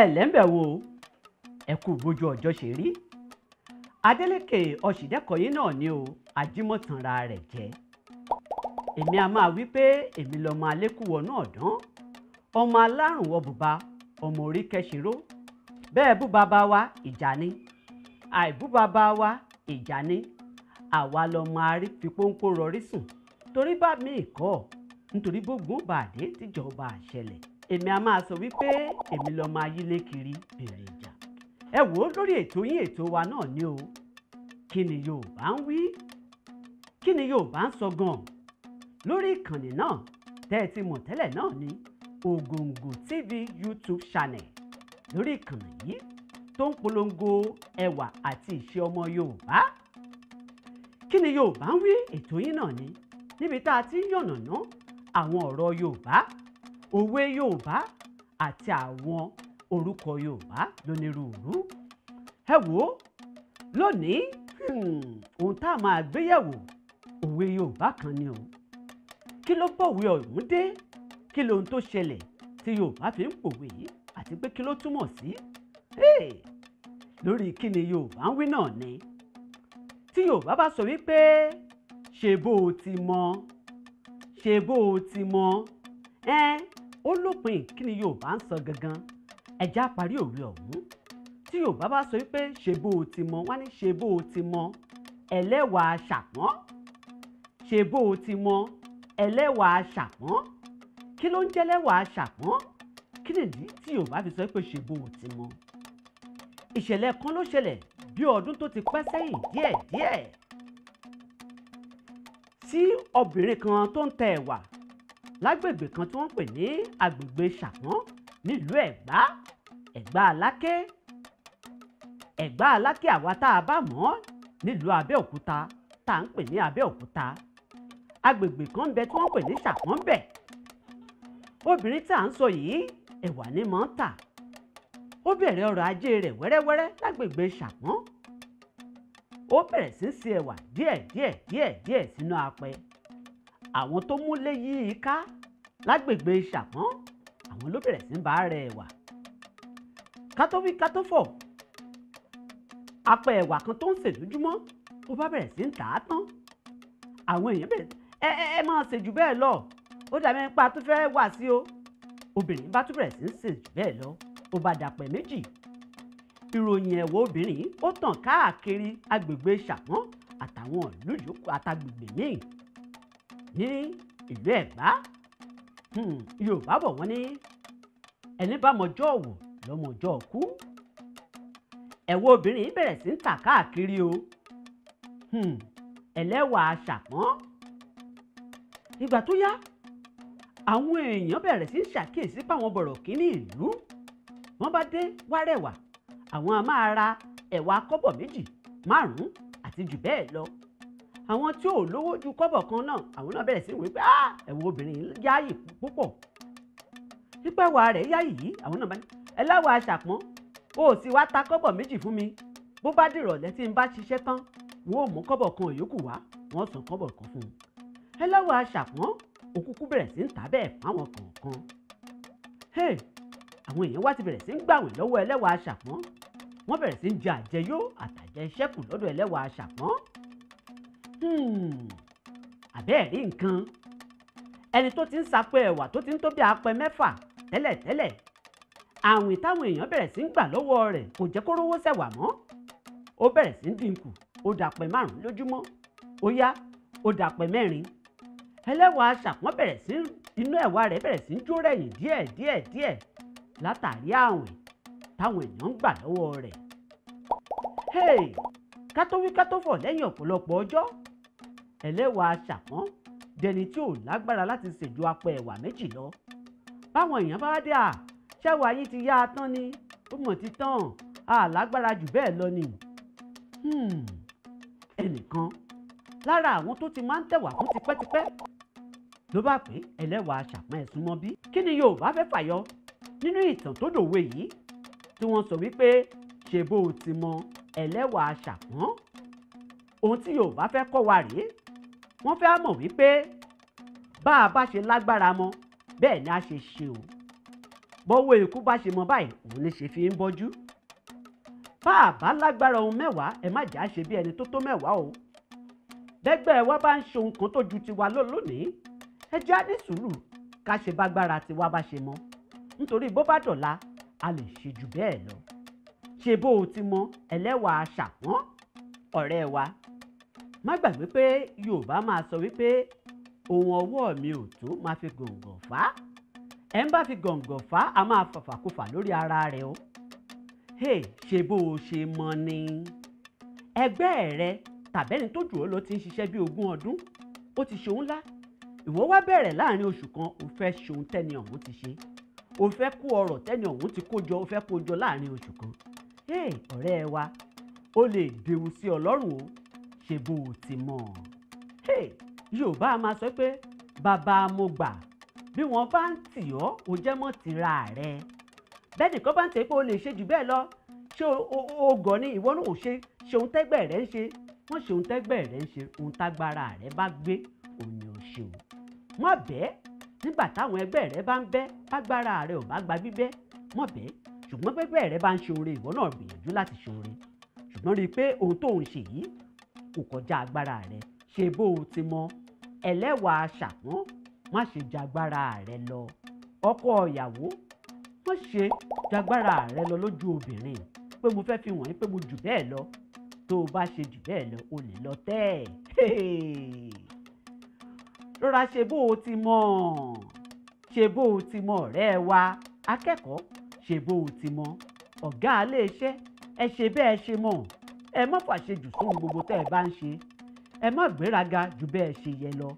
ẹ lẹ́ńbẹ̀ wo ẹ kú bójú ọjọ́ ṣe rí Adeleke Ọ̀ṣìndẹ́kọ̀yé náà ni o ajímọ̀tànra rẹ̀ jẹ́ èmi a máa wí pé èmi lọ́mọ alékùwọ̀ náà dán ọmọ alárùn wọ bùbá ọmọ orí kẹsìró bẹ́ẹ̀ bú bàbá wa ìjà ni àìbú bàbá wa ìjà ni àwa lọ́mọ arí fi pọ́npọ́n rọrí sùn torí bá mi kọ́ nítorí gbogbo bàdé tíjọba àṣẹlẹ̀ èmi a máa sọ wípé èmi lọ́mọ ayílé kiri bèrè ìjà ẹ wò ó lórí ètò yín ètò wa náà ni o kí ni Yorùbá ń wí kí ni Yorùbá ń sọ gan lórí ìkànnì náà tẹ́ ẹ ti mọ̀ tẹ́lẹ̀ náà ni Ògòǹgò TV YouTube channel lórí ìkànnì yìí tó ń polongo ẹwà àti ìṣe ọmọ Yorùbá kí ni Yorùbá ń wí ètò yín náà ni níbi tá a ti ń yànnàná àwọn ọ̀rọ̀ Yorùbá òwe yorùbá àti àwọn orúkọ yorùbá lónírúurú ẹ wò ó lónìí hmm, ohun tá a máa gbéyẹ̀wò òwe yorùbá kan ni o kí ló bọ̀wé ọ̀hún dé kí lohun tó ṣẹlẹ̀ tí yorùbá fi ń pòwe yìí àti pé kí ló túmọ̀ sí lórí kí ni yorùbá ń wí náà ni tí yorùbá bá sọ wípé ṣe bó o ti mọ̀ ṣe bó o ti mọ̀ ẹ́n ó lópin kí ni yorùbá ń sọ gangan ẹjẹ́ àparí òwe ọ̀hún tí yorùbá bá sọ pé ṣe bó o ti mọ wọ́n ní ṣe bó o ti mọ ẹlẹ́wàá ṣàpọ́n ṣe bó o ti mọ ẹlẹ́wàá ṣàpọ́n kí ló ń jẹ́lẹ́wàá ṣàpọ́n kí nìdí tí yorùbá fi sọ pé ṣe bó o ti mọ ìṣẹ̀lẹ̀ kan ló ṣẹlẹ̀ bí ọdún tó ti pẹ́ sẹ́yìn díẹ̀díẹ̀ tí obìnrin kan tó ń tẹ ẹ̀wà lágbègbè kan tí wọ́n pè ní agbègbè ṣàpọ́n nílùú ẹ̀gbá ẹ̀gbá aláké ẹ̀gbá aláké àwa tá a bá mọ̀ nílùú abẹ́òkúta tá à ń pè ní abẹ́òkúta agbègbè kan bẹ tí wọ́n pè ní ṣàpọ́n bẹ̀ obìnrin tá à ń sọ yìí ẹ̀wà ni mò ń tà ó bẹ̀rẹ̀ ọrọ̀ ajé rẹ̀ wẹ́rẹ́wẹ́rẹ́ lágbègbè ṣàpọ́n ó bẹ̀rẹ̀ sí í ṣe ẹ̀wà díẹ̀ díẹ̀ díẹ̀ sínú apẹ àwọn tó múlé yí i ká lágbègbè ṣàpọ́n àwọn ló bẹ̀rẹ̀ sí ń bá rẹ̀ wà kátófì kátófọ̀ apẹ̀ ẹ̀wà kan tó ń sè lójúmọ́ ó bá bẹ̀rẹ̀ sí ń tà á tán àwọn èèyàn bẹ̀rẹ̀ ẹ ẹ ẹ máa sè bẹ́ẹ̀ lọ ó dàbí ẹni tó fẹ́ wà sí o obìnrin bá tún bẹ̀rẹ̀ sí ń sè jù bẹ́ẹ̀ lọ ó bá dàpẹ̀ méjì ìròyìn ẹ̀wọ̀ obìnrin ó tàn káàkiri agbègbè ṣàpọ́n àtàwọn ìlú yòókù àtàgbègbè míì ní ìlú ẹ̀gbá hmm, yorùbá bọ̀ wọ́n ní ẹni bá mọjọ́ wò lọ́mọjọ́ kú ẹ̀wọ́ obìnrin yìí bẹ̀rẹ̀ sí ń tà káàkiri o hmm, ẹlẹ́wà aṣàpọ́n ìgbà tó yá àwọn èèyàn bẹ̀rẹ̀ sí ṣàkíyèsí páwọn bọ̀rọ̀ kínní ìlú wọ́n bá dé wárẹ̀wà àwọn a máa ra ẹ̀wà kọ́bọ̀ méjì márùn-ún àti jù bẹ́ẹ̀ lọ àwọn tí ò lówó ju kọ́bọ̀ kan náà àwọn náà bẹ̀rẹ̀ sí wí pé ah, ẹ̀wọ̀n obìnrin yáàyè púpọ̀ pípẹ́wà rẹ̀ yáàyè yìí àwọn náà bá ní ẹlẹ́wà aṣàpọ́n o sì wá ta kọ́bọ̀ méjì fún mi bó bá dìrọ̀lẹ́ tí n bá ṣiṣẹ́ tán wọn mú kọ́bọ̀ kan yòókù wá wọn san kọ́bọ̀ kan fún un ẹlẹ́wà aṣàpọ́n òkúkú bẹ̀rẹ̀ sí ń tà bẹ́ẹ̀ fáwọn kọ̀ọ̀kan àwọn èèyàn wá ti bẹ̀rẹ̀ sí ń gbàwìn lọ́wọ́ ẹlẹ́wà aṣàpọ́n wọ́n bẹ̀rẹ̀ sí ń jẹ àjẹyó àtàjẹ iṣẹ́ lọ́dọ̀ ẹlẹ́wà aṣàpọ́n Hmm. àbẹ́ẹ̀rí nǹkan ẹni tó ti ń sapẹ́ ẹ̀wà tó ti ń tó bí apẹ mẹ́fà tẹ́lẹ̀tẹ́lẹ̀ àwìn táwọn èèyàn bẹ̀rẹ̀ sí ń gbà lọ́wọ́ rẹ̀ kò jẹ́ kó rówó sẹ̀wà mọ́ ó bẹ̀rẹ̀ sí ń dínkù ó dàpẹ́ márùn-ún lójúmọ́ ó yá ó dàpẹ́ mẹ́rin ẹlẹ́wàá ṣàpọ́n bẹ̀rẹ̀ sí inú ẹ̀wà rẹ̀ bẹ̀rẹ̀ sí ń jó rẹ̀yìn díẹ̀ díẹ̀ díẹ̀ látàrí àwìn táwọn èèyàn ń gbà lọ́wọ́ rẹ̀. ká tó wí ká tó fọ̀ lẹ́yìn ọ̀pọ̀lọpọ̀ ọjọ́ ẹlẹ́wàá aṣàpọ́n dẹni tí ò lágbára láti ṣèjọ apẹ ẹ̀wà méjì lọ báwọn èèyàn bá dé à ṣẹ́wàá yín ti yá a tán ni ó mọ̀ ti tán a lágbára jù bẹ́ẹ̀ lọ ni hmm. ẹnìkan lára àwọn tó ti máa ń tẹ̀wà fún tipẹ́tipẹ́ ló bá pé ẹlẹ́wàá aṣàpọ́n ẹ̀sùn mọ́ bí kí ni Yorùbá fẹ́ fàyọ nínú ìtàn tó dòwe yìí tí wọ́n sọ wípé ṣe ti mọ ẹlẹ́wàá aṣàpọ́n ohun tí Yorùbá fẹ́ kọ́ wa rèé wọ́n fẹ́ mọ̀ wípé bá a bá ṣe lágbára mọ́ bẹ́ẹ̀ ni a ṣe ṣe o bọ́wọ́ ikú bá ṣe mọ báyìí òun ni ṣe fi ń bọ́jú bá a bá lágbára ohun mẹ́wàá ẹ má jà á ṣe bí ẹni tó tó mẹ́wàá o bẹ́gbẹ́ wa bá ń ṣe ohun kan tó ju tiwa lónìí ẹ já ní sùúrù ká ṣe bágbára tiwa bá ṣe mọ nítorí bó bá dọ̀la a lè ṣe jù bẹ́ẹ̀ lọ ṣe bó o ti mọ ẹlẹ́wàá ṣàpọ́n ọ̀rẹ́ wa má gbàgbé pé yorùbá máa sọ wípé ohun ọwọ́ mi ò tó máa fi gọ̀ǹgọ̀ fà á ẹ̀ ń bá fi gọ̀ǹgọ̀ fà á a máa fàfàkùfà lórí ara rẹ̀ o hey ṣe bó o ṣe mọ ni ẹgbẹ́ rẹ tàbẹ́ni tó jù ọ́ lọ ti ń ṣiṣẹ́ bí ogún ọdún ó ti ṣe òun ńlá ìwọ wá bẹ̀rẹ̀ láàrin oṣù kan o fẹ́ ṣohun tẹ́ni ọ̀hún ti ṣe o fẹ́ kó ọrọ̀ tẹ́ni ọ̀hún ti kó jọ o fẹ́ kó jọ láàrin oṣù kan hey ọ̀rẹ́ wa o lè dẹ̀wù sí ọlọ́run o ṣe bó o ti mọ̀ yorùbá a máa sọ pé bàbá mo gbà bí wọ́n bá ń tì ọ́ o jẹ́ mọ́ tìra rẹ bẹ́ẹ̀ nìkan bá ń tẹ̀ pé o lè ṣe jù bẹ́ẹ̀ lọ ṣé o gọ̀ ni ìwọ náà ò ṣe ṣe ohun tẹ́gbẹ́ rẹ ń ṣe wọ́n ṣe ohun tẹ́gbẹ́ rẹ ń ṣe ohun tágbára rẹ bá gbé òun ni ò ṣe o mọ̀ bẹ́ẹ̀ nígbà táwọn ẹgbẹ́ rẹ bá ń bẹ́ tágbára rẹ ò bá gba bíbẹ́ mọ̀ bẹ́ẹ̀ ṣùgbọ́n pẹ́pẹ́ rẹ bá ń ṣe oore ìwọ náà gbìyànjú láti ṣe oore ṣùgbọ́n rí i pé ohun tó ń ṣe yìí kò kọjá agbára rẹ ṣe bó o ti mọ ẹlẹ́wàá ṣàpọ́n má ṣe jagbára rẹ lọ ọkọ ìyàwó má ṣe jagbára rẹ lọ lójú obìnrin pé mo fẹ́ fi wọ̀nyí pé mo jù bẹ́ẹ̀ lọ tó o bá ṣe jù bẹ́ẹ̀ lọ o lè lọ tẹ́ ẹ̀ rọra ṣe bó o ti mọ̀ ṣe bó o ti mọ̀ ọ̀rẹ́ wa akẹ́kọ̀ọ́ ṣe bó o ti mọ̀ ọ̀gá ilé iṣẹ́ ẹ ṣe bẹ́ẹ̀ ṣe mọ̀ ẹ má fàṣejù sóhun gbogbo tẹ́ ẹ bá ń ṣe ẹ má gbéraga ju bẹ́ẹ̀ ṣe yẹ lọ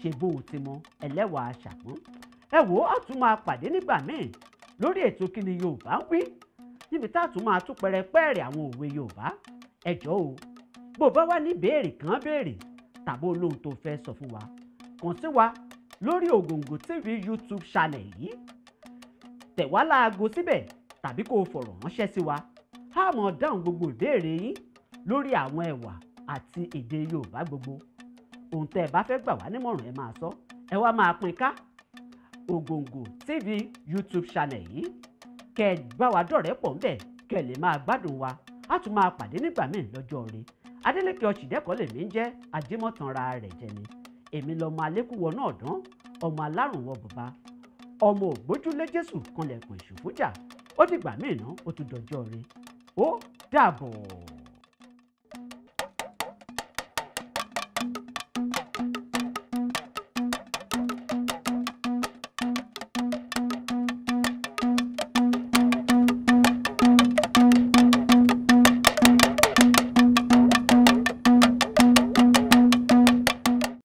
ṣe bó o ti mọ ẹlẹ́wàá ṣàpọ́n ẹ wò ó àtún máa pàdé nígbà míì lórí ètò kí ni Yorùbá ń wí níbi tá a tún máa tún pẹrẹpẹrẹ àwọn òwe Yorùbá ẹ o bó o bá wà ní ìbéèrè kan béèrè tàbí olóhùn tó fẹ́ sọ fún wa kàn sí wa lórí Ògòǹgò TV YouTube channel yìí tẹ̀ wá láago síbẹ̀ tàbí kó o fọ̀rọ̀ ránṣẹ́ sí wa á dáhùn gbogbo ìbéèrè yín lórí àwọn ẹ̀wà àti èdè Yorùbá gbogbo ohun tẹ́ ẹ bá fẹ́ gbà wá nímọ̀ràn ẹ máa sọ ẹ wá máa pín ká Ògòǹgò TV YouTube channel yìí kẹ́ ẹ bá wa dọ̀rẹ́ pọ̀ ńbẹ̀ kẹ́ ẹ lè máa gbádùn wa a tún máa pàdé nígbà míì lọ́jọ́ rẹ̀ Adeleke Ọ̀ṣìndẹ́kọ̀ lèmi ń jẹ́ Ajímọ̀tánra rẹ̀ jẹ ni èmi lọmọ alẹ́kùwọ náà dán ọmọ alárùnwọ̀ bàbá ọmọ ògbójúlé Jésù kanlẹ̀kùn ìṣòfújà ó dìgbà míì ná ó tún dọjọ́ rẹ̀ ó dàbọ̀.